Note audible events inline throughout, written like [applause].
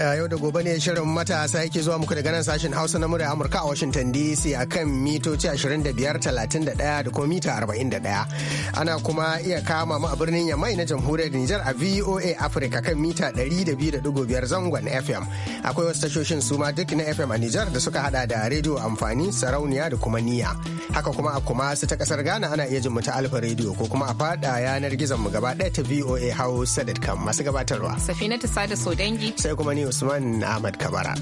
yau da gobe ne shirin matasa yake zuwa muku daga nan sashen hausa na murya amurka a washington dc a kan mitoci 25 da kuma mita 41 ana kuma iya kama mu a birnin yamai na jamhuriyar nijar a voa africa kan mita 200.5 zangon fm akwai wasu tashoshin suma duk na fm a nijar da suka hada da rediyo amfani sarauniya da kuma niya haka kuma a kuma su ta kasar ghana ana iya jin mu ta alfa rediyo ko kuma a fada yanar gizon mu gaba ɗaya ta voa hausa.com masu gabatarwa ta sada sodangi sai kuma ni ni Usman Ahmad Kabara.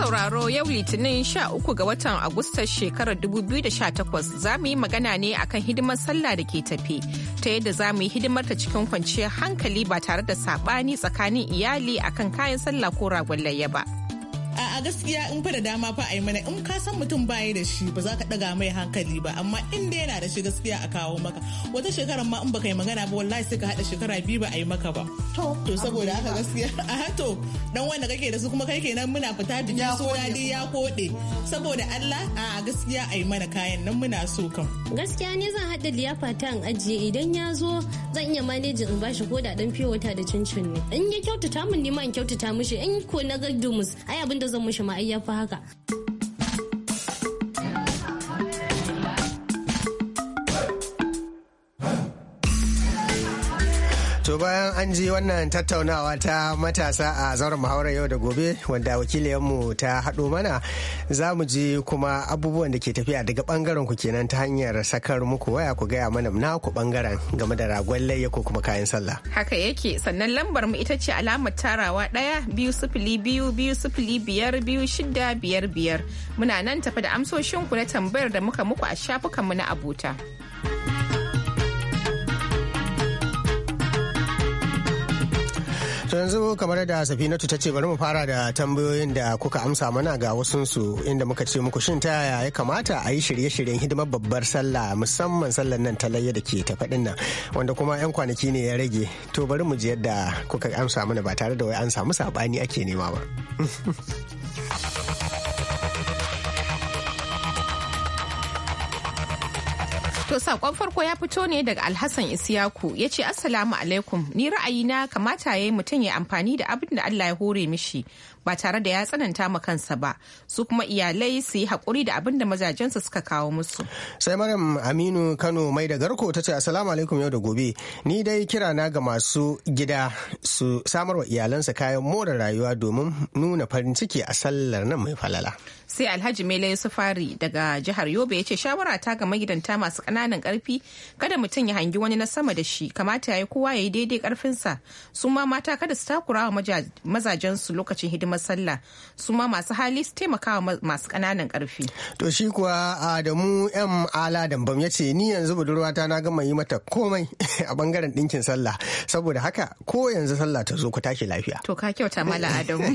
sauraro yau litinin 13 ga watan agusta shekarar 2018 za mu yi magana ne akan hidimar sallah da ke tafi ta yadda za mu yi hidimar ta cikin kwanciyar hankali ba tare da sabani tsakanin iyali akan kayan sallah ko ragon layya ba. gaskiya in fa da dama fa a yi mana in ka san mutum baya da shi ba za ka daga mai hankali ba amma in da yana da shi gaskiya a kawo maka wata shekarar ma in baka yi magana ba wallahi sai ka hada shekara biyu ba a yi maka ba to saboda haka gaskiya [laughs] a to dan wanda kake da su kuma kai kenan muna fita biki so dadi ya kode saboda Allah a gaskiya a yi mana kayan nan muna so kan gaskiya ne zan hada liyafa ta in ajiye idan ya zo zan iya manage in bashi ko da dan fiye wata da cincin ne in ya kyautata min ne ma in kyautata mishi in ko na ga ai abin da zan 为什么哎呀不敢？To bayan an ji wannan tattaunawa ta matasa a zauren muhawarar yau da gobe wanda wakiliyanmu ta haɗo mana za mu ji kuma abubuwan da ke tafiya daga ɓangaren ku kenan ta hanyar sakar muku waya ku gaya mana na ku ɓangaren game da ragon layya ko kuma kayan sallah. Haka yake sannan lambar mu ita ce alamar tarawa ɗaya biyu sifili biyu biyu sifili biyar biyu shida biyar biyar muna nan tafi da amsoshinku na tambayar da muka muku a shafukanmu na abota. To yanzu kamar da Safinatu ta ce bari mu fara da tambayoyin da kuka amsa mana ga wasunsu inda muka ce muku shin ta yaya ya kamata a yi shirye-shiryen hidimar babbar sallah musamman sallar nan ta layya da ke tafaɗin nan wanda kuma 'yan kwanaki ne ya rage. To bari mu ji yadda kuka amsa mana ba tare da wai an samu saɓani ake nema ba. [laughs] To sakon farko ya fito ne daga Alhassan Isiyaku ya ce Assalamu alaikum ni ra'ayina kamata ya yi mutum ya amfani da abin da Allah ya hore mishi ba tare da ya tsananta ma kansa ba su kuma iyalai su yi haƙuri da abin da mazajensa suka kawo musu. Sai Maryam Aminu Kano mai da garko ta ce Assalamu alaikum yau da gobe ni dai kira na ga masu gida su samarwa wa iyalansa kayan more rayuwa domin nuna farin ciki a sallar nan mai falala. Sai Alhaji Mele Sufari daga jihar Yobe ya ce shawara ta ga magidanta masu ƙananan kananan karfi kada mutum ya hangi wani na sama da shi kamata yayi kowa yayi daidai karfinsa su ma mata kada su takura wa mazajen su lokacin hidimar sallah su ma masu hali su taimaka wa masu kananan karfi. To shi kuwa Adamu M Ala Dambam ya ce ni yanzu budurwata na gama yi mata komai [laughs] a bangaren dinkin sallah saboda haka ko yanzu sallah ta zo ku tashi lafiya. To ka kyauta mala [laughs] Adamu.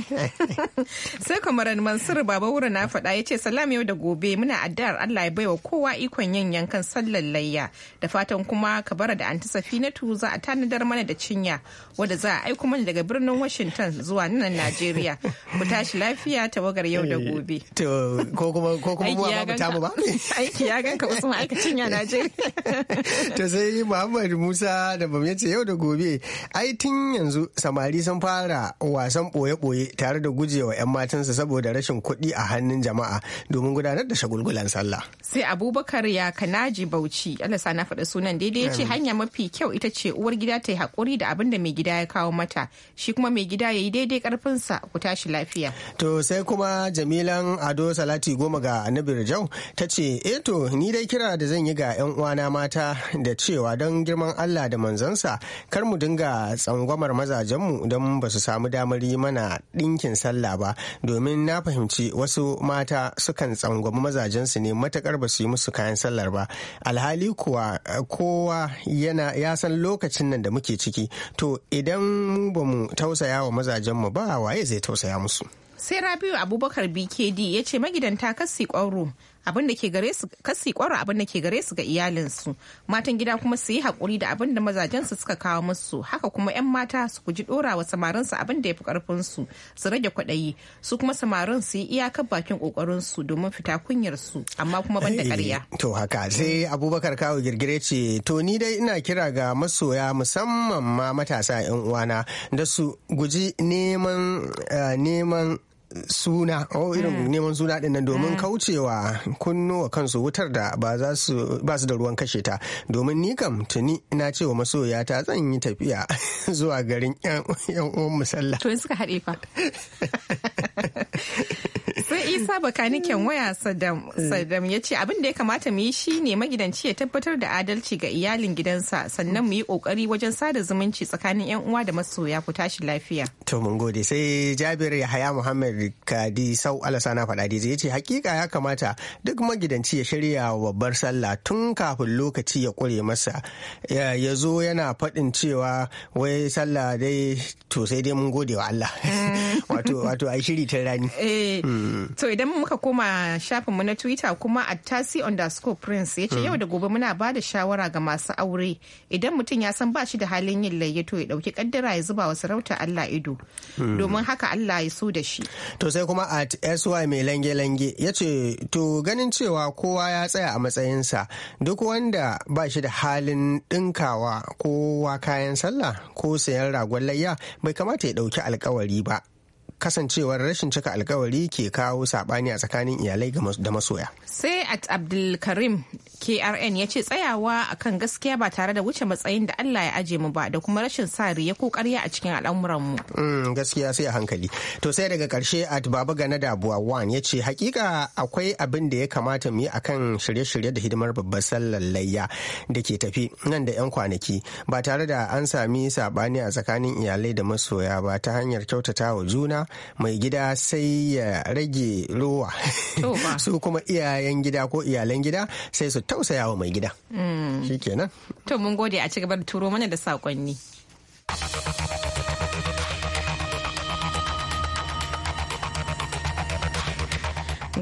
Sai kamaran Mansur Baba Wura na faɗa ya ce salam yau da gobe muna addu'ar Allah ya baiwa kowa ikon yin yankan sallah lallayya da fatan kuma ka bar da anti safinatu za a tanadar mana da cinya wadda za a aiko mana daga birnin washington zuwa nan najeriya ku tashi lafiya tawagar yau da gobe eh, ko kuma ko kuma mu ba mu ba [laughs] aiki ya ganka wasu aika cinya najeriya [laughs] to sai muhammad musa da bam yace yau da gobe ai tun yanzu samari sun fara wasan boye-boye tare da gujewa 'yan matansa saboda rashin kuɗi a hannun jama'a domin gudanar da shagulgulan sallah sai abubakar ya kanaji bauchi Bauchi Allah sa na faɗa sunan daidai ya ce hanya mafi kyau ita ce uwar gida ta yi haƙuri da abin da mai gida ya kawo mata shi kuma mai gida ya yi daidai karfinsa ku tashi lafiya. To sai kuma Jamilan Ado Salati goma ga Anabir Jau ta ce eh to ni dai kira da zan yi ga 'yan uwana mata da cewa don girman Allah da manzansa kar mu dinga tsangwamar mazajenmu don ba su samu damar yi mana ɗinkin sallah ba domin na fahimci wasu mata sukan tsangwami mazajensu ne matakar ba su yi musu kayan sallar ba. alhali kuwa eh, kowa yana ya san lokacin nan da muke ciki to idan mu ba mu tausaya wa mazajen mu ba waye zai tausaya musu sai rabiu abubakar bkd ya ce magidanta kasi kwauro abin da ke gare su kasi kwara abin da ke gare su ga iyalinsu matan gida kuma su yi haƙuri da abin da mazajensu suka kawo musu haka kuma yan mata su guji dora wa samarinsu abin da ya fi karfin su su rage kwaɗayi su kuma samarin su yi iyakar bakin kokarin su domin fita kunyar su amma kuma banda ƙarya to haka sai abubakar kawo girgire ce to ni dai ina kira ga masoya musamman ma matasa yan uwana da su guji neman eh, neman suna o irin hmm. neman suna din nan domin hmm. kaucewa kunnuwa kansu wutar da ba su da ruwan kashe ta domin ni kam tuni na ce wa masoya ta zan yi tafiya [laughs] zuwa garin yan uwan musalla to suka haɗe fa [laughs] isa bakaniken mm. waya mm. saddam ya ce abin da ya kamata mu yi shine magidanci ya tabbatar da adalci ga iyalin gidansa sannan mu yi kokari wajen sada zumunci tsakanin yan uwa da masoya ku tashi lafiya to mun gode sai jabir yahaya muhammad kadi sau alasana faɗa ya ce hakika ya kamata duk magidanci ya shirya babbar sallah tun kafin lokaci ya kure masa ya zo yana faɗin cewa wai sallah dai to sai dai mun gode wa Allah mm. [laughs] wato wato ai shiri ta rani eh. To idan muka koma shafinmu na Twitter kuma a tasi underscore prince ya ce hmm. yau da gobe muna ba da shawara ga masu aure idan mutum ya san ba shi da halin yin layya to ya dauki kaddara ya zuba wa sarauta Allah ido hmm. domin haka Allah ya so da shi. To sai kuma at SY mai lange-lange ya ce to ganin cewa kowa ya tsaya a matsayinsa duk wanda ba shi da halin ɗinkawa kowa kayan sallah ko sayan ragon layya bai kamata ya dauki alkawari ba kasancewar rashin cika alkawari ke kawo saɓani a tsakanin iyalai da masoya. Sai at Abdulkarim krn ya ce tsayawa akan gaskiya ba tare da wuce matsayin da allah ya aje mu ba da kuma rashin sa riya ko karya a cikin mu. Mm, gaskiya sai a hankali to sai daga karshe at baba gana dabuwa wan ya ce hakika akwai abin da ya kamata mu yi akan shirye-shirye da hidimar babbar sallar layya da ke tafi nan da yan kwanaki ba tare da an sami sabani a tsakanin iyalai da masoya ba ta hanyar kyautata wa juna mai gida sai ya rage rowa [laughs] su kuma iyayen gida ko iyalan gida sai su tausaya wa mai gida hmm. shikenan to mun gode a ci gaba da turo mana da sakonni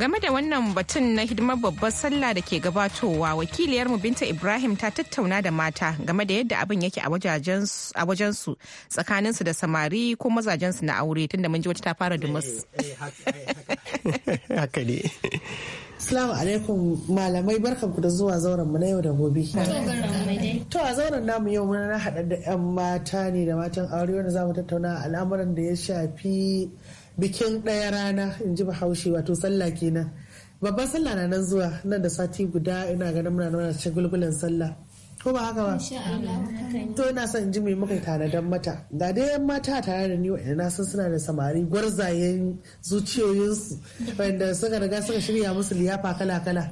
game da wannan batun na hidimar babbar sallah da ke gabatowa wakiliyar mu binta ibrahim ta tattauna da mata game da yadda abin yake a wajensu tsakaninsu da samari ko mazajensu na aure tunda mun ji wata ta fara dumus eh, eh, haka eh, [laughs] Assalamu alaikum malamai barkanku da zuwa zauren mu na yau da gobe. To a zauren namu yau mun na haɗa da 'yan mata ne da matan aure wanda zamu tattauna al'amuran da ya shafi bikin ɗaya rana in ji bahaushe wato sallah kenan. Babban sallah na nan zuwa nan da sati guda ina ganin muna nuna cikin gulgulan sallah. ko ba haka ba to ina son ji mai muka dan mata ga dai yan mata tare da ni wa na san suna da samari gwarzayen zuciyoyinsu wanda suka riga suka shirya musu liyafa kala kala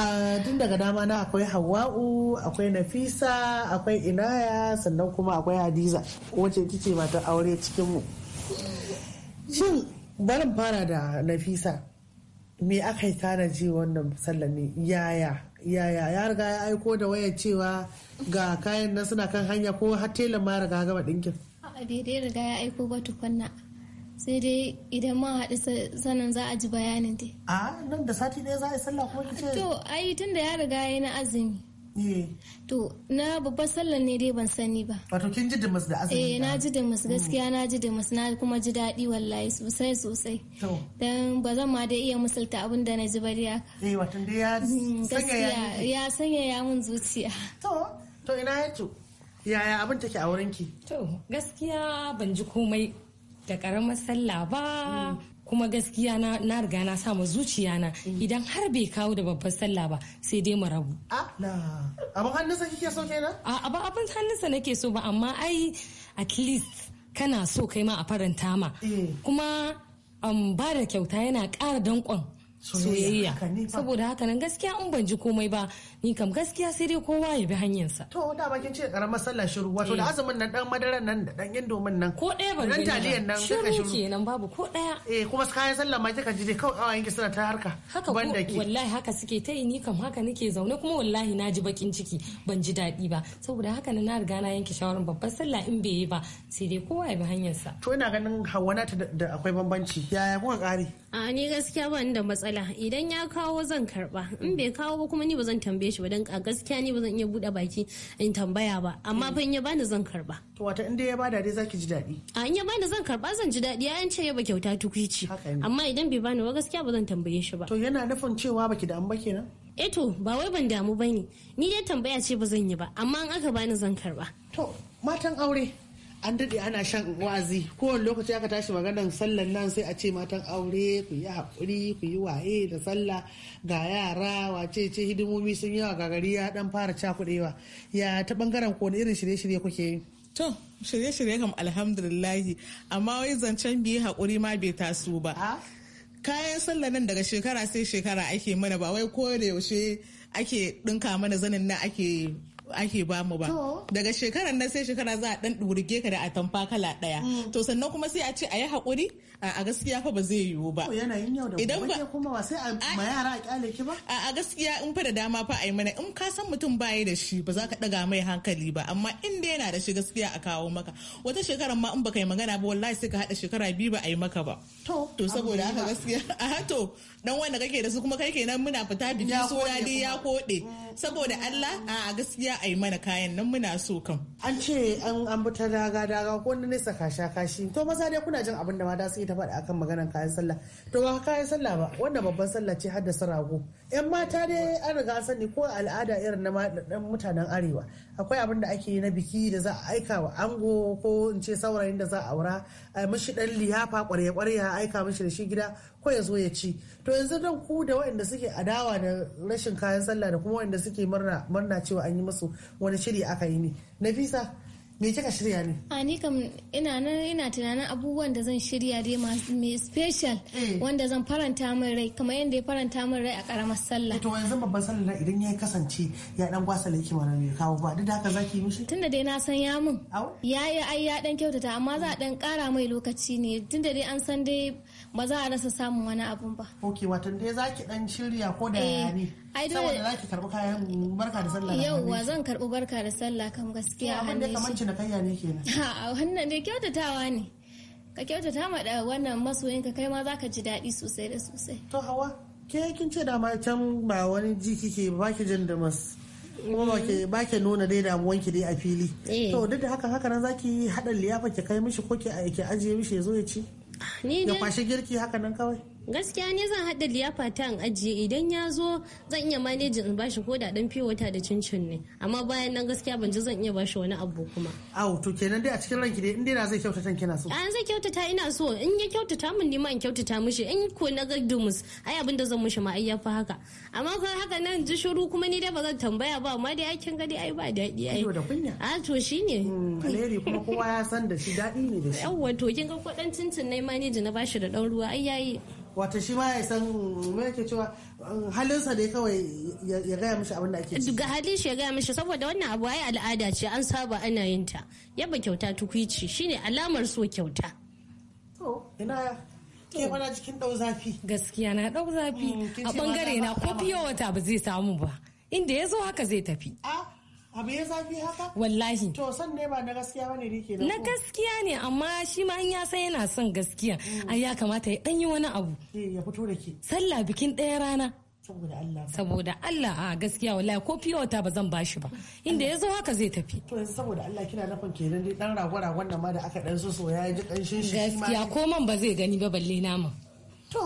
a tun daga dama na akwai hawa'u akwai nafisa akwai inaya sannan kuma akwai hadiza wacce kike mata aure cikin mu shin barin fara da nafisa me aka yi tanaji wannan sallami yaya yaya ya riga ya aiko da waya cewa ga kayan nan suna kan hanya ko har telan ma riga gaba dinkin a bai dai riga ya aiko ba tukunna sai dai idan ma haɗu sanan za a ji bayanin dai a nan da sati ɗaya za a yi sallah ko kice to ai tun da ya riga ya yi na azumi Eh. to na babbar sallar ne dai ban sani ba wato kin ji dimas da azumi eh na ji dimas mm. gaskiya na ji dimas na kuma ji daɗi wallahi sosai sosai dan ba zan ma da iya misalta abin da na ji ba dai haka eh wato dai ya mm, sanya ya sanya ya mun zuciya to to ina ya to yaya abin take a wurinki to gaskiya ban ji komai da karamar sallah ba mm. kuma gaskiya na riga na sa zuciya na mm. idan har bai kawo da babbar sallah ba sai dai mu rabu ah, a abin hannunsa kike so kenan a ba abin hannunsa nake so ba amma ai at least kana so kai ma a faranta ma eh. kuma um, ba da kyauta yana ƙara danƙon soyayya saboda haka nan gaskiya in ban ji komai ba ni kam gaskiya sai dai kowa ya bi hanyarsa to da bakin ce karamar sallah shiru wato da eh. azumin nan dan madaran nan da dan indomin nan ko ɗaya ban dan nan shiru kenan babu ko ɗaya eh kuma kayan sallah ma kika ji dai kawai awayin ki suna ta harka haka ko wallahi haka suke ta ni kam haka nake zaune kuma wallahi na ji bakin ciki ban ji daɗi ba saboda haka na riga na yanke shawarar babbar sallah in bai yi ba sai dai kowa ya bi hanyarsa to ina ganin hawana da akwai bambanci yaya kuka kare a ni gaskiya ban da matsala matsala idan ya kawo zan karba in bai kawo ba kuma ni ba zan tambaye shi ba dan a gaskiya ni ba zan iya bude baki in tambaya ba amma fa in ya bani zan karba to wata inda ya bada dai zaki ji daɗi a in ya bani zan karba zan ji daɗi an ce ya ba kyauta tukuci amma idan bai bani ba gaskiya ba zan tambaye shi ba to yana nufin cewa baki da an ba kenan eh to ba wai ban damu bane ni dai tambaya ce ba zan yi ba amma in aka bani zan karba to matan aure an daɗe ana shan wa'azi kowane lokaci aka tashi maganar sallar nan sai a ce matan aure ku yi haƙuri ku yi waye da sallah ga yara wace ce hidimomi sun yawa ga gari ya dan fara cakuɗewa ya ta bangaren ko irin shirye-shirye kuke yi to shirye-shirye kam alhamdulillahi amma wai zancen biye haƙuri ma bai taso ba kayan sallah nan daga shekara sai shekara ake mana ba wai ko da yaushe ake ɗinka mana zanin nan ake ake ba mu ba daga shekarar nan sai shekara za a dan durge ka da atamfa kala daya mm. to sannan kuma sai a ce a yi hakuri a gaskiya fa ba zai yiwu ba idan ba kuma ba sai a ma yara a kyale ki ba a gaskiya in fa da dama fa a yi mana in ka san mutum baya da shi ba za ka daga mai hankali ba amma in dai yana da shi gaskiya a kawo maka wata shekarar ma in baka yi magana ba wallahi sai ka hada shekara biyu ba a yi maka ba to saboda haka gaskiya [laughs] a to dan wanda kake da su kuma kai kenan muna fita biki so ya ya kode mm. saboda Allah a gaskiya a yi mana kayan nan muna so kam. An ce an an bi daga daga ko wani nesa kasha kashi. To maza dai kuna jin abin da ma da su yi ta faɗi akan maganar kayan sallah. To ba kayan sallah ba wannan babban sallah ce har da su rago. 'Yan mata dai an riga sani ko al'ada irin na mutanen arewa. Akwai abin da ake yi na biki da za a aika wa ango ko in ce saurayin da za a aura a mishi dan liyafa kwarya kwarya a aika mishi da shi gida ko ya zo ya ci to yanzu dan ku da waɗanda suke adawa da rashin kayan sallah da kuma waɗanda suke murna cewa an yi musu wani shiri aka yi ne nafisa me kika shirya ne a ni kam ina nan ina tunanin abubuwan da zan shirya dai mai special eh. wanda zan faranta min rai kamar yadda ya faranta min rai a karamar sallah eh, to yanzu babban sallah idan ya kasance ya dan gwasa laiki mana mai kawo ba duk da haka zaki mishi tunda dai na san ya mun ya yi ai ya dan kyautata amma za a dan kara mai lokaci ne tunda dai an san dai ba za a rasa samun wani abun ba ok wato dai zaki dan shirya ko da ya ne eh, saboda zaki karbi kayan barka da sallah yau wa zan karbi barka da sallah kam gaskiya a hannun cinikayya ne kenan [laughs] a wannan dai kyautatawa ne ka kyautata ma da wannan masoyin ka kai ma ka ji daɗi sosai da sosai to hawa ke kin ce dama can ba wani ji kike ba ki jin da mas kuma ba ke nuna dai damuwan ki dai a fili eh. to duk da haka haka nan zaki haɗa liyafa ki kai mishi ko ki ajiye mishi ya zo ya ci ni ya kwashi girki haka nan kawai gaskiya ne zan haɗa liyafa ta in ajiye idan ya zo zan iya manejin in bashi ko da dan wata da cincin ne amma bayan nan gaskiya ban ji zan iya bashi wani abu kuma aw to kenan dai a cikin ranki dai in dai na zai kyautata kina so an zai kyautata ina so in ya kyautata mun ni ma in kyautata mishi in ko na ga dumus ai abinda zan mishi ma ai yafi haka amma ko haka nan ji shiru kuma ni dai ba zan tambaya ba amma dai aikin gadi ai ba daɗi ai da kunya a to shine hmm, alheri kuma kowa ya san da shi daɗi ne da shi yawwa to kin ga ko dan cincin ne manejin na bashi da ɗan ruwa ai yayi wata shi ma ya san mai yake cewa um, halinsa dai kawai ya gaya mishi abin da ake ciki. duka halin shi ya gaya mishi saboda wannan abu ai al'ada ce an saba ana yin ta. Yaba kyauta tukwici shine alamar so kyauta. To ina ke mana cikin dau zafi. Gaskiya na dau zafi hmm, a bangare na ko fiye wata ba zai samu ba. Inda ya zo haka zai tafi. Ah abu ya zafi haka wallahi to san ne ba na gaskiya ba ne kenan na gaskiya ne amma shi ma in ya san yana son gaskiya hmm. ai ya kamata ya dan yi wani abu ya fito da ke sallah bikin ɗaya rana saboda Allah saboda Allah a gaskiya wallahi ko wata ba zan bashi ba inda yazo haka zai tafi to yanzu saboda Allah kina nufin kenan dai dan ragwara wannan ma da aka dan so soya ya ji kanshin shi gaskiya ko man ba zai gani ba balle nama to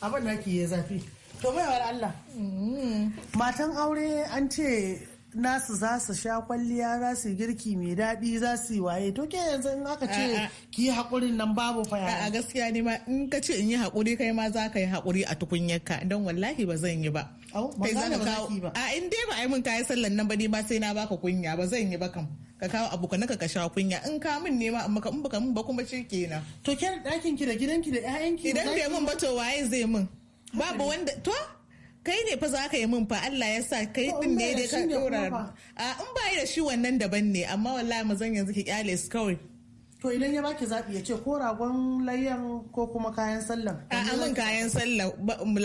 abin da ke ya zafi to baiwar Allah mm. matan aure an ce nasu za su sha kwalliya za su girki mai daɗi za su yi waye to ke yanzu in aka ce ki yi haƙurin nan babu faya a gaskiya ne ma in ka ce in yi haƙuri kai ma za ka yi haƙuri a tukunyarka don wallahi ba zan yi ba a in dai ba a yi min kayan sallan nan ba ne ma sai na baka kunya ba zan yi ba kam ka kawo abu ka naka ka sha kunya in ka min nema amma ka in baka min ba kuma shi kenan to ke da ɗakin ki da gidanki da ƴaƴanki idan bai min ba to waye zai min babu wanda to kai ne fa za ka yi min fa Allah ya sa kai din ne dai ka dora a in ba da shi wannan daban ne amma wallahi mazan yanzu ki kyale su kawai to idan ya baki zabi ya ce ko ragon layyan ko kuma kayan sallan a amin kayan sallan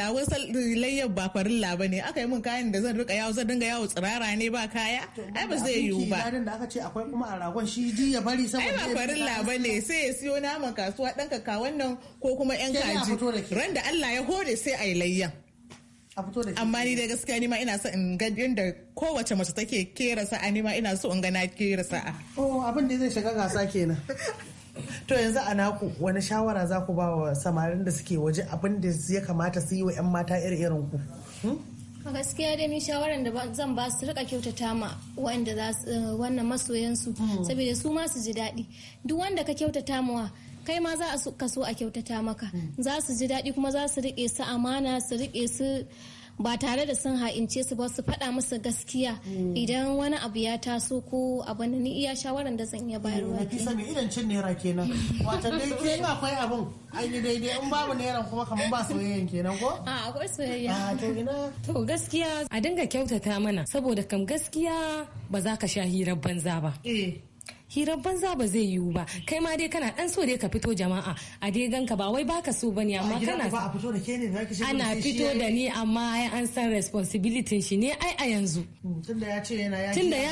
lawon layyan ba farilla ba ne aka yi min kayan da zan rika yawo zan dinga yawo tsirara ne ba kaya ai ba zai yiwu ba da aka ce akwai kuma a ragon shi ji ya bari saboda ai ba farilla ba ne sai ya siyo naman kasuwa dan kaka wannan ko kuma yan kaji ran da Allah ya hore sai ai layyan amma ni da gaskiya ni ma ina so in ga yadda kowace mace take kera sa'a ni ma ina so in ga na kera sa'a oh abin da zai shiga gasa kenan [laughs] to yanzu a naku wani shawara za ku ba wa samarin da suke waje abin da ya kamata su yi wa 'yan mata irin ku hmm? a gaskiya dai ni shawaran da zan ba su rika kyautata ma wanda za su eh, wannan masoyansu hmm. saboda su ma su ji daɗi duk wanda ka kyautata mawa kai ma za a kaso a kyautata maka hmm. za su ji daɗi kuma za su riƙe su amana su riƙe su ba tare da sun ha'ince su ba su faɗa musu gaskiya hmm. idan wani abu ya taso ko abu na ni iya shawaran da zan iya hmm, bayarwa ke sani idan cin naira kenan wato dai ke ina akwai abun an yi daidai in babu naira kuma kamar ba soyayyen kenan ko a akwai soyayya ah, to ina [laughs] to gaskiya a dinga kyautata mana saboda kam gaskiya ba za ka sha hirar banza ba eh hirar banza ba zai yiwu ba kai ma dai kana dan so dai ka fito jama'a a dai ganka ba wai baka so bane amma kana ana fito da ni amma ai an san responsibility shi ne ai a yanzu mm, tunda ya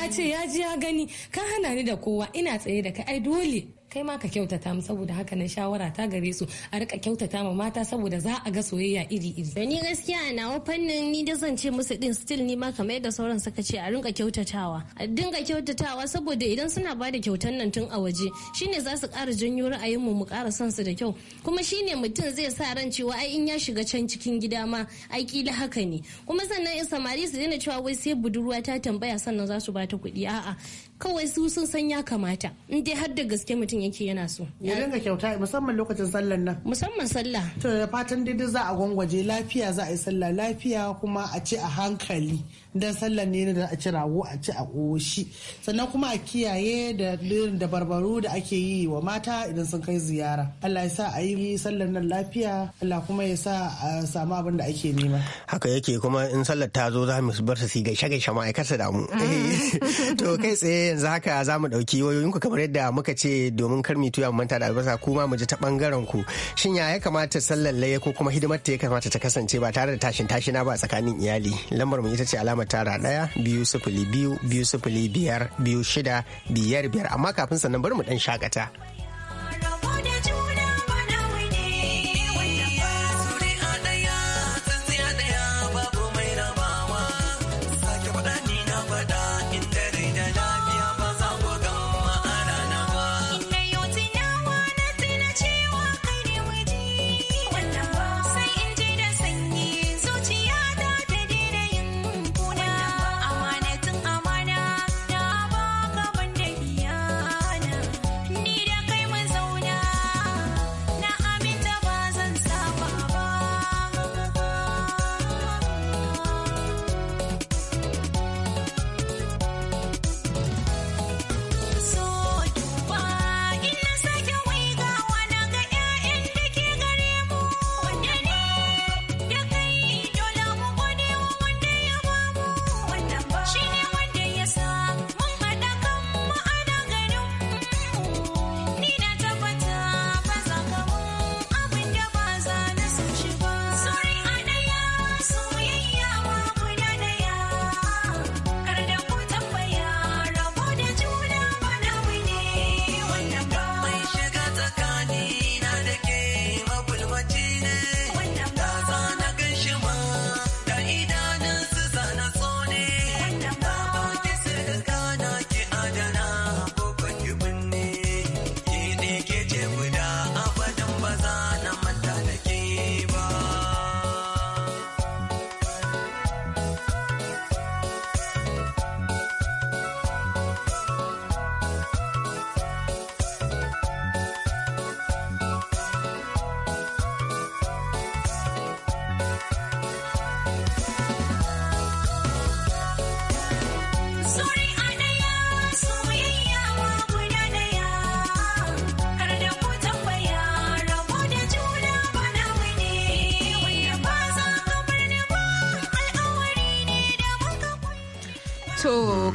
ce ya ji ya gani ka hana ni da kowa ina tsaye da kai ai dole kai ma ka kyautata mu saboda haka na shawara ta gare su a rika kyautata ma mata saboda za a ga soyayya iri iri da ni gaskiya a nawa fannin ni da zan ce musu din still ni ma kamar yadda sauran suka ce a rinka kyautatawa a dinga kyautatawa saboda idan suna ba da kyautan nan tun a waje shine za su ƙara janyo ra'ayin mu mu ƙara son su da kyau kuma shine mutum zai sa ran cewa ai in ya shiga can cikin gida ma ai kila haka ne kuma sannan in samari su daina cewa wai sai budurwa ta tambaya sannan za su ba ta kuɗi a'a kawai su sun san ya kamata in dai har da gaske mutum yake yana so ya dinga kyauta musamman lokacin sallar nan musamman sallah to da fatan dai za a gwangwaje lafiya za a yi sallah lafiya kuma a ci a hankali dan sallar ne da a ci rago a ci a koshi sannan kuma a kiyaye da da da ake yi wa mata idan sun kai ziyara Allah ya sa a yi sallar nan lafiya Allah kuma ya sa a samu abin da ake nema haka yake kuma in sallar ta zo za mu bar su su gaishe gaishe ma'aikata da mm. [laughs] to kai tsaye yanzu haka za mu ɗauki wayoyinku kamar yadda muka ce domin kar mu tuya manta da albasa kuma mu ji ta bangaren ku shin ya ya kamata sallar laye ko kuma hidimar ta ya kamata ta kasance ba tare da tashin tashina ba tsakanin iyali lambar mu ita ce alama tara ɗaya biyu sifili biyu biyu sifili biyar biyu shida biyar biyar amma kafin sannan bari mu dan shakata. da juna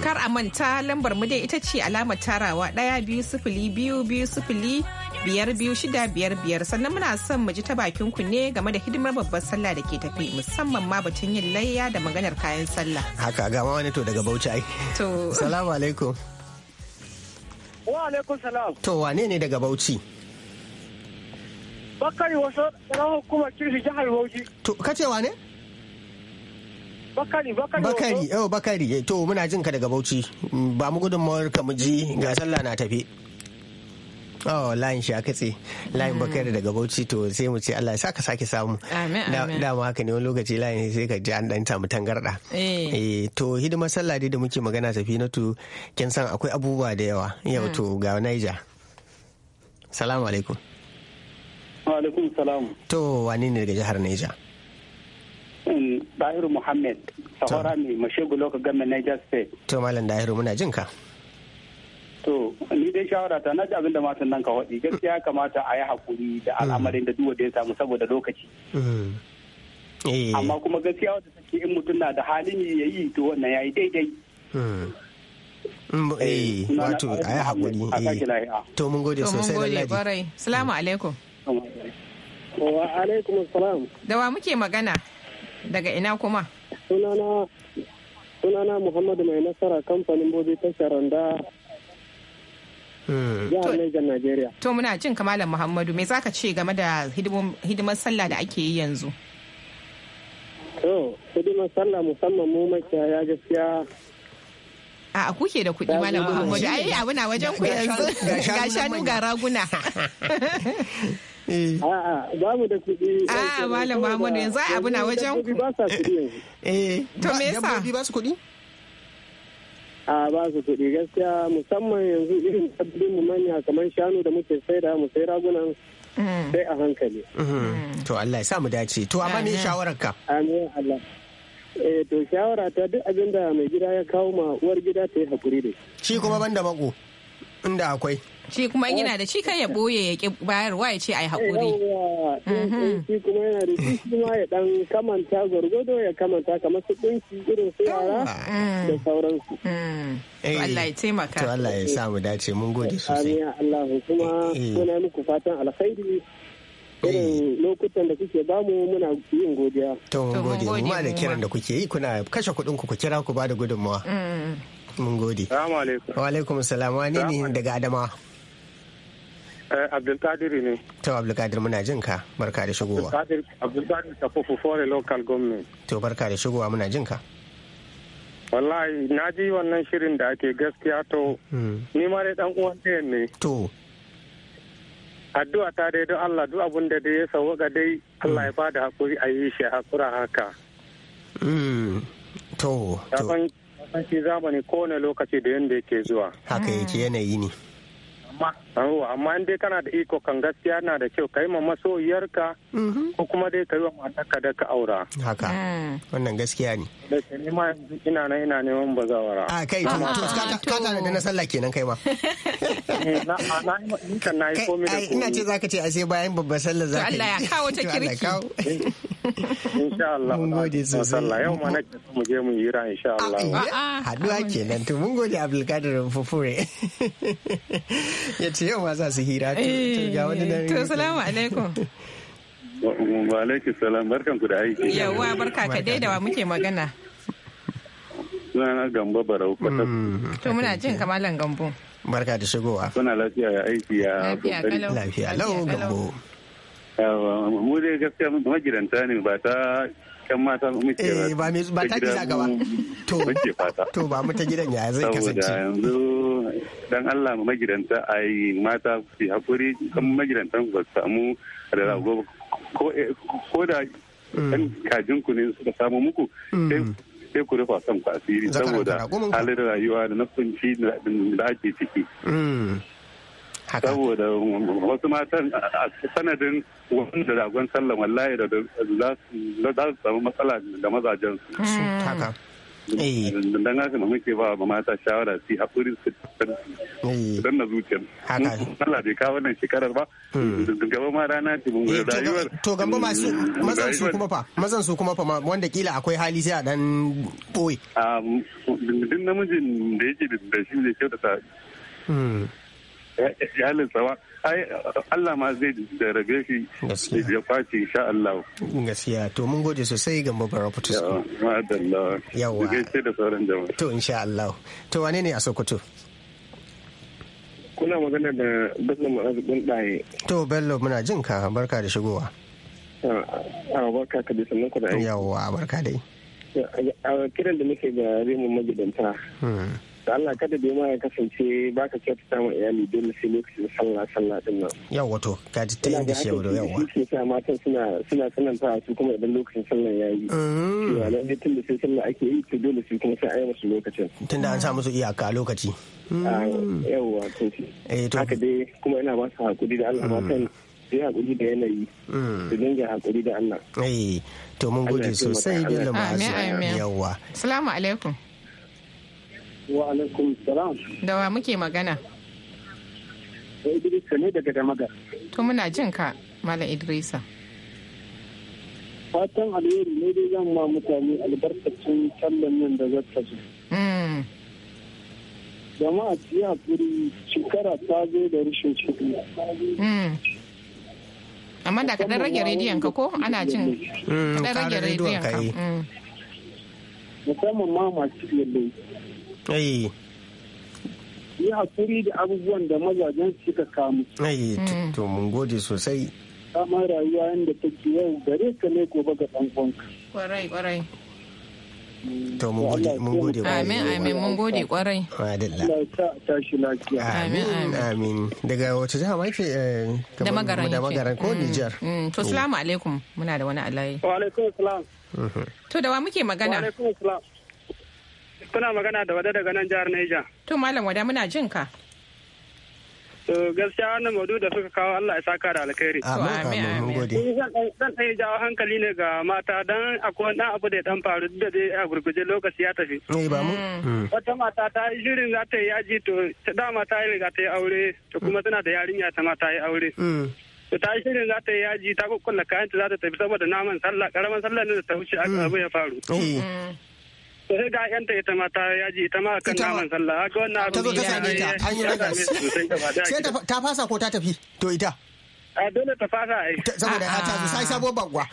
kar a manta lambar mu dai ita ce alamar tarawa ɗaya biyu sifili biyu biyu sifili biyar biyu shida biyar biyar sannan muna son mu ji ta bakin ku ne game da hidimar babbar sallah da ke tafi musamman ma batun yin layya da maganar kayan sallah haka ga wani to daga bauchi ai to salamu alaikum wa alaikum salam to wane ne daga bauchi bakari wasu ɗan hukumar kirki jihar bauchi to kace wane Bakari Bakari Bakari yau Bakari eh, to muna jin ka daga Bauchi ba mu gudun mawar mu ji ga sallah na tafi. Oh, layin shi aka katse layin hmm. bakari daga bauchi to sai mu ce Allah ya saka sake samu dama haka ne wani lokaci layin sai ka ji an dan samu tangarda eh. eh to hidimar sallah dai da muke magana tafi na to kin san akwai abubuwa da yawa yau hmm. to ga Niger salamu alaikum wa alaikum salam to wani ne daga jihar Niger Bahiru Muhammad, Sahora mai mashegu local gama Niger State. To Malam Dahiru muna jin ka. To ni dai shawara ta na ji abin da matan nan ka waɗi gaskiya kamata a yi hakuri da mm. al'amarin da duwa da ya samu saboda lokaci. Mm. Eh. Amma kuma gaskiya wata take in mutum na da halin ya yi to wannan ya yi daidai. Mm. Eh, eh, wato a yi haƙuri. To mun gode sosai da ladi. Salamu alaikum. Wa alaikum salam. Da wa muke magana? Daga ina kuma? Sunana Muhammadu mai nasara kamfanin bobi ta Sharanda hmm. jihar Niger Nigeria. To muna jin kamalan Muhammadu me zaka ce game da hidimar sallah da ake yi yanzu? To hidimar sallah musamman mu makiyaya gaskiya a kuke da kuɗi malam Muhammadu ai abu na wajen ku yanzu ga shanu ga raguna. [laughs] Eh. A'a, mu da kuɗi. A'a, Malam Muhammadu yanzu ai abu na wajen ku. ba sa kuɗi yanzu. Eh, to me ba su kuɗi? A ba su kuɗi gaskiya musamman yanzu irin sabbin mu manya kamar shanu da muke saida, mu sai ragunan mm. sai a hankali. Mm. Mm. To Allah ya sa mu dace. To amma me shawarar ka? Amin Allah. Eh to shawara ta duk abinda mai gida ya kawo ma uwar gida ta yi hakuri da shi. Shi kuma banda mako. inda akwai shi kuma yana da shi kan ya boye oh. ya bayarwa ya ce yi eh, haƙuri eh, eh, mhm. shi kuma yana da shi kuma ya dan kamanta gwargwado ya kamanta kamar su ɗinki irin su yara da mm. sauransu mm. Allah ya taimaka to Allah ya sa mu dace mun gode sosai amin Allah kuma muna muku fatan alkhairi irin lokutan da kuke bamu muna yin godiya to mun gode mu ma da kiran da kuke yi kuna kashe kuɗin ku ku kira ku ba da gudunmawa mm. Mun gode. Salamu alaikum. Wa alaikum salam. Wa ne daga abdul eh, Abdulkadir ne. To Abdulkadir muna jin ka. Barka da shigowa. Abdulkadir fufu Fore Local Government. To barka da shigowa muna jin ka. Wallahi na ji wannan shirin da ake gaskiya to hmm. ni ma dai dan uwan ɗayan ne. To. Addu'a ta dai don Allah duk abun da dai ya sauwaka dai Allah hmm. ya bada hakuri a yi shi hakura haka. Hmm. To. shi zamani kowane lokaci da yanda yake zuwa haka yake yanayi ne amma in dai kana da iko kan gaskiya na da kyau kai ma masoyiyarka mhm. ko kuma dai kai wa matarka da ka aura haka ah. wannan gaskiya ne da ke nema ina na ina neman bazawara a ah, kai to ka tana da na sallah kenan kai ma eh, na yi komai da ina ce zaka ce a sai bayan babbar sallah zaka yi Allah ya kawo ta [laughs] kirki insha Allah mun gode sosai yau ma nake so mu je mu yi ran insha ah, Allah haduwa kenan to mun gode Abdulkadir Fufure [laughs] ce [laughs] yau ma za su hira to eh, ga wani da to salamu alaikum wa alaikum salam barkan ku da aiki yawa barka ka dai da wa muke magana sunana gambo barau mm. to muna jin kamalan gambo barka da shigowa kuna lafiya ya aiki ya lafiya lau gambo mu dai gaskiya magidanta ne ba ta kan mata muke eh ba me ba ta gida ka ba to to ba mu ta gidan ya zai kasance yanzu dan Allah mu magidanta ai mata su hakuri kan magidantan ba samu da rago ko eh, ko da dan mm. kajin ku ne suka samu muku mm. sai ku rufa son ku asiri saboda halin rayuwa da na kunci da ake ciki mm. saboda wasu matan a sanadin wanda ragon sallah wallahi da za su samu matsala da mazajen mm. eh. dan haka da muke ba ba mata shawara su haƙuri su eh. dan na zuciyar Allah bai kawo nan shekarar ba hmm. gaba ma rana ce mun eh, rayuwar to gaba masu mazan su kuma fa mazan su kuma fa wanda kila akwai hali sai a dan boye duk namijin da yake da shi zai kyautata hmm. iyalinsa ba ai Allah ma zai da rabe shi ya kwace insha Allah gaskiya to mun gode sosai ga Mubara Putus yawa gaishe da sauran jama'a to insha Allah to wane ne a Sokoto kuna magana da Bello Mu'azzibin Daye to Bello muna jin ka barka da shigowa barka ka da sannan ku da yawa barka dai A kiran da nake ga Remo magidanta hmm. da Allah kada bai ma ya kasance ba ka kyautata ma iyali dole sai lokacin sallah sallah din nan yau wato ka ji ta inda shi yau da yawa shi sa matan suna suna sanan ta su kuma idan lokacin sallah ya yi mm-hmm. cewa nan dai tunda sai sallah ake yi to dole sai kuma sai a yi musu lokacin tunda an sa musu iyaka a lokaci ah, yawwa eh, to haka dai kuma ina ba su hakuri da Allah mm. matan sai yi hakuri da yanayi mm. su dinga hakuri da Allah eh to mun gode sosai bin da Ma'azu yawwa assalamu alaikum Wa alaikum salam. Da wa muke magana? Da Idrisa ne daga Damaga. To muna jin ka, Malam Idrisa. Fatan alheri ne dai zan ma mutane albarkacin tallan nan da zata zo. Hmm. Jama'a ci a kuri shekara ta zo da rashin shekaru. Hmm. Amma da kadan rage rediyon ka ko ana jin hmm, kadan rage rediyon ka. Musamman ma masu yallo. yi hakuri da abubuwan da mazajen suka kamu mm. to mun gode sosai kama rayuwa yadda take yau gare ka ne gobe ga ɗan kwanka. kwarai kwarai To mun gode mun gode Amin amin mun gode kwarai. Adalla. Allah tashi lafiya. Amin amin. Daga wace jiha ma yake eh, da magaran da magaran ko mm, Nijar. Mm. To salamu alaikum muna da wani alayi. Wa alaikum salam. Mhm. To da wa muke magana? Wa alaikum salam. Kuna magana da wada daga nan jihar Neja. To Malam wada muna jin ka. To gaskiya wannan maudu da suka kawo Allah ya saka da alkhairi. Amin amin. Eh, zan ɗaya jawo hankali ne ga mata dan akwai dan abu da ya dan faru da zai a gurguje lokaci ya tafi. Eh ba mu. Mm. Mm. Wata mata ta yi shirin za ta yi yaji to ta dama ta yi riga ta yi aure to kuma mm. tana da yarinya ta mata ta yi aure. To ta yi shirin za ta yi yaji ta kukkulla kayanta za ta tafi saboda naman sallah karamin sallah ne da ta wuce abu ya faru. Eh. to sai ga ita ma ta yaji ita ma kan naman sallah haka wannan abu ta zo ta ta an yi sai ta fasa ko ta tafi to ita a dole ta fasa ai saboda ya ta ah. zo sai bagwa [laughs]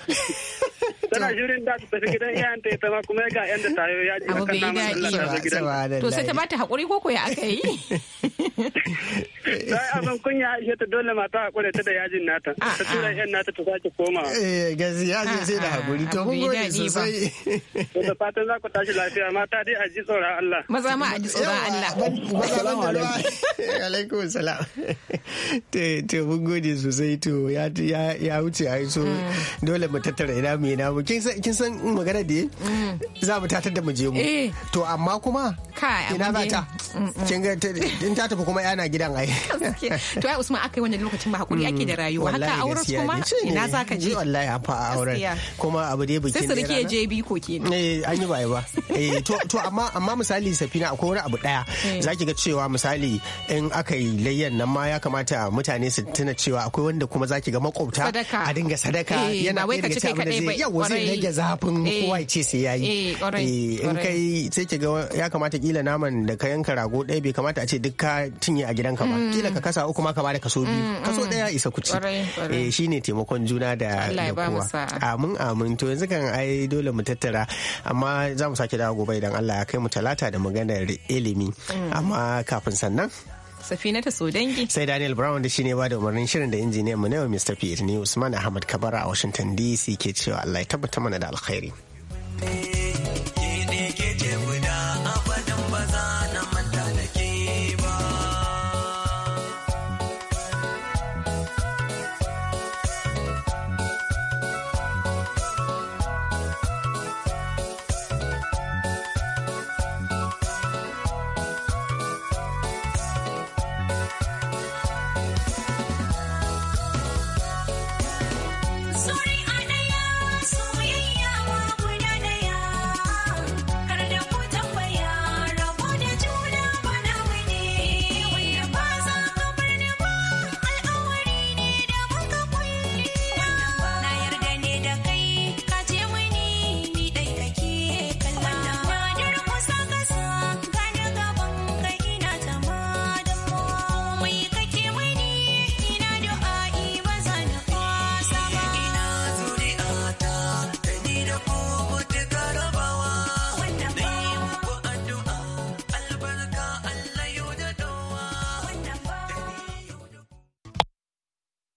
tana shirin da ta tafi gidan iyayen ta ita ma kuma ga yan da tayo ya ji akan naman ta tafi gidan to sai ta bata hakuri ko ko ya aka yi sai abin kunya Aisha ta dole mata hakure ta da yajin nata ah, ta tura yan ah. nata ta sake koma eh gazi yajin ah, sai da hakuri to mun gode sosai to da fatan za ku tashi lafiya mata dai a ji tsoron Allah maza ma a ji tsoron Allah assalamu alaikum [laughs] alaikum salam to mun gode sosai to ya ya wuce ai so dole mu tattara ina mu ina mu kin san kin san magana da mm. za mu tatar da mu je mu eh. to amma kuma ina za ta kin ga in ta tafi kuma yana gidan ai to ai Usman akai wannan lokacin ba hakuri ake da rayuwa haka mm, auren kuma ina za ka je wallahi an fa auren kuma abu dai bikin sai sarki je bi ko ke eh an yi bai ba eh to to amma amma misali safina akwai wani abu daya eh. zaki ga cewa misali in aka yi layyan nan ma ya kamata mutane su tuna cewa akwai wanda kuma zaki ga makwabta a dinga sadaka eh, yana wai ka ci kai kadai ba zai rage zafin eh. kowai ce sai yayi eh, eh, in kai sai ki ga ya kamata kila naman da ka yanka rago ɗaya bai kamata a ce duk ka cinye a gidanka ba hmm. kila ka kasa uku ma ka bada kaso biyu hmm, kaso hmm. ɗaya isa kuci eh shine taimakon juna da kowa amin amin to yanzu kan ai dole mu tattara amma za mu sake dawo gobe idan Allah ya kai mu talata da maganar ilimi amma kafin sannan Safina ta Sodangi. Sai Daniel Brown da shine ba da umarnin shirin da injiniyan mu na yau Mr. ni Usman Ahmad Kabara a Washington DC ke cewa Allah ya tabbata mana da alkhairi.